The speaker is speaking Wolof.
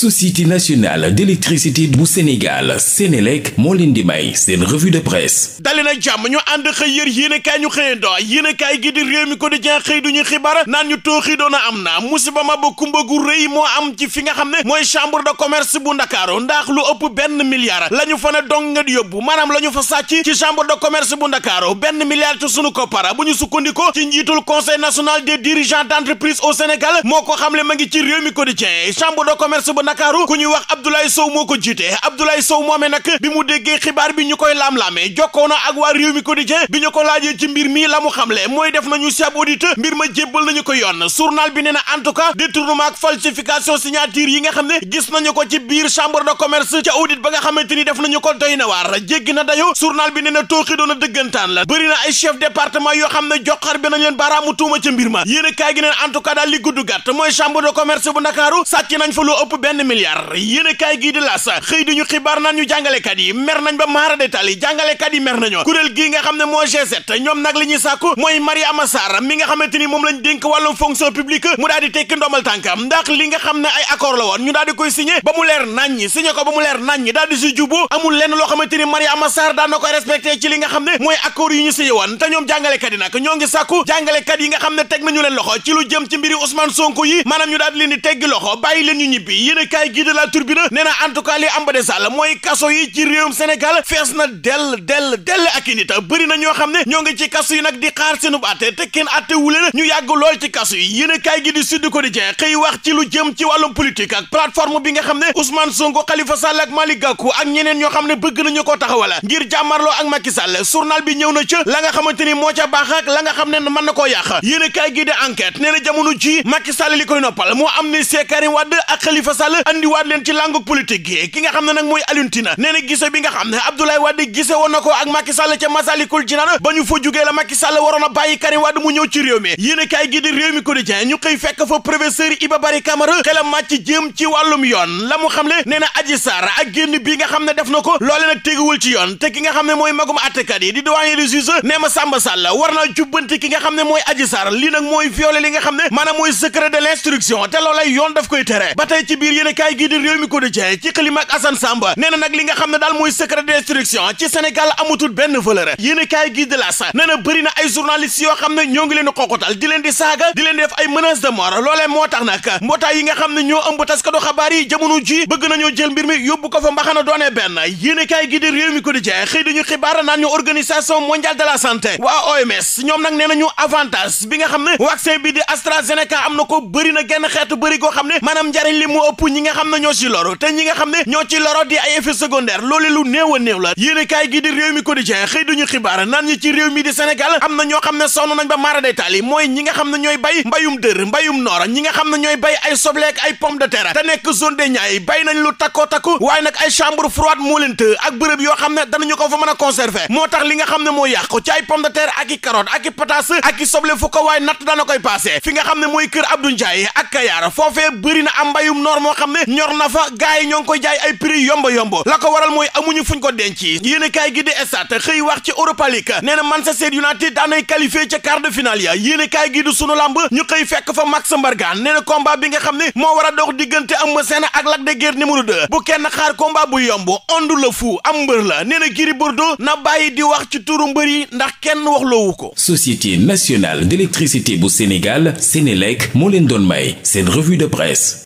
société nationale d'électricité bu Sénégal Sénélec moo leen di may seen revue de presse dali jàmm ñu ànd xëy yër yéenekaay ñu xëyando yéenekaay gi di réew mi ko di jen xëy duñu xibaar naan ñu tooxi am na musiba ma ba kumba rëy moo am ci fi nga xam ne mooy chambre de commerce bu Ndakaaru ndax lu ëpp benn milliard la ñu fa ne dong nga di yóbbu maanaam la ñu fa sàcc ci chambre de commerce bu Ndakaaru benn milliard ci sunu koppara bu ñu sukkandikoo Ndakaaru ku ñuy wax Abdoulaye Sow moo ko jiite Abdoulaye Sow moomee nag bi mu déggee xibaar bi ñu koy laam-laamee jokkoo na ak waa réew mi quotidien bi ñu ko laajee ci mbir mi la xam xamle mooy def nañu sab audit mbir ma jébbal nañu ko yoon journal bi nee na en tout cas détournement ak falsification signature yi nga xam ne gis nañu ko ci biir chambre de commerce ca audit ba nga xamante ni def nañu ko doy na waar jéggi na dayo journal bi nee na tooxi doon a dëggantaan la bëri na ay chef département yoo xam ne joxar bi nañ leen baaraamu tuuma ca mbir a kaay gi neen en tout cas daal li sàcc nañ fa lu ëpp benn benn milliard yéen a gii di las xëy di ñu xibaar naan ñu jàngalekat yi mer nañ ba maara détal yi jàngalekat yi mer nañu kuréel gii nga xam ne moo g ñoom nag li ñuy sàkku mooy Mariama Sarr mi nga xamante ni moom lañ dénk wàllum fonction publique mu daal di tekki ndombal tànkam ndax li nga xam ne ay accord la woon ñu daal di koy signé ba mu leer nañ ñi signé ko ba mu leer nañ ñi daal di si jubbo amul leen loxo ci lu jëm ci mbiri Ousmane Sonko kaay gii de la turbine nee na en tout cas li am ba de sàll mooy kaso yi ci réewum Sénégal fees na dell dell dell ak i nit bëri na ñoo xam ne ñoo ngi ci kaso yi nag di xaar seenub atte te kenn atte wu leen ñu yàgg lool ci kaso yi yéen a kaay gi di Sud Quotidien xëy wax ci lu jëm ci wàllum politique ak plateforme bi nga xam ne Ousmane Sonko Khalifa Sall ak Malick Gakou ak ñeneen ñoo xam ne bëgg nañu ko taxawal ngir jàmmarloo ak Macky Sall journal bi ñëw na ca la nga xamante ni moo ca baax la nga xam ne mën na koo yàq yéen a kaay gi di enquête nee na jamono li koy andiwaat leen ci langue politique gi ki nga xam ne nag mooy Alioune Tine nee na gise bi nga xam ne Abdoulaye Wade gise woon na ko ak Macky Sall ca Masalikul Jinaan ba ñu fa jugee la Macky Sall waroon a bàyyi Karim Wade mu ñëw ci réew mi yéen a kaay ñu xëy fekk fa professeur Iba Barry Camara xelam màcc jëm ci wàllum yoon la mu xam le nee na Adji Sarr ak génn bi nga xam ne def na ko loole nag teguwul ci yoon te ki nga xam ne mooy magum àttekat yi di doyen des juges nee ma Samba Sall war na jubbanti ki nga xam ne mooy Adji Sarr lii nag mooy violé li nga xam ne maanaam mooy secret de l'instruction te loolay yoon daf koy tere ba tey ci biir yéen kaay gii di réew mi ko ci xalima ak Assane Samba nag li nga xam ne daal mooy secret d'instruction ci Sénégal amatul benn valeur yéen kaay gii di las nee ay journalistes yoo xam ne ñoo ngi leen xoqatal di di saaga di ay menaces de mort loolee moo tax nag mbootaay yi nga xam ne ñoo ëmb taskatu xabaar yi jamono ji bëgg nañoo jël mbir mi yóbbu ko fa mbaxana doonee benn yéen kaay gii di réew di cee xëy ñu organisation ñi nga xam ne ñoo ci loro te ñi nga xam ne ñoo ci loro di ay effet secondaire loolu lu néew a néew la yéene kaay gi di réew mi quotidien xëy duñu xibaar naan ñi ci réew mi di Sénégal am na ñoo xam ne sonn nañ ba maara day taali mooy ñi nga xam ne ñooy bay mbayum dër mbayum noor ñi nga xam ne ñooy bay ay soble ak ay pomme de terre te nekk zone des Niayes bay nañ lu takkoo takku waaye nag ay chambre froide moo leen të ak bërëb yoo xam ne danañu ko fa mën a conserver moo tax li nga xam ne moo yàqu ay pomme de terre ak i carotte ak i pataas ak i soble fu ko waaye fi nga xam ne mooy kër Abdou Ndiaye ak Kayar foofee bëri na am mbayum noor xam ne ñor na fa gars yi ñoo ngi koy jaay ay prix yomba yomba la ko waral mooy amuñu fuñ ko denc yéen a gi di Stades xëy wax ci Europa League nee na Manchester United daanay qualifié ca quart de finale ya yéen a gi di sunu lamb ñu xëy fekk fa Max Mbargane nee na combat bi nga xam ne moo war a dox am Eumeu Sène ak Lac de Guiers numéro 2 bu kenn xaar combat bu yomb ondu la fu am mbër la nee na Gris Bordeaux na bàyyi di wax ci turu mbër yi ndax kenn wax loowu ko. Société nationale d'électricité bu Sénégal Sénélec moo leen doon may seen revue de presse.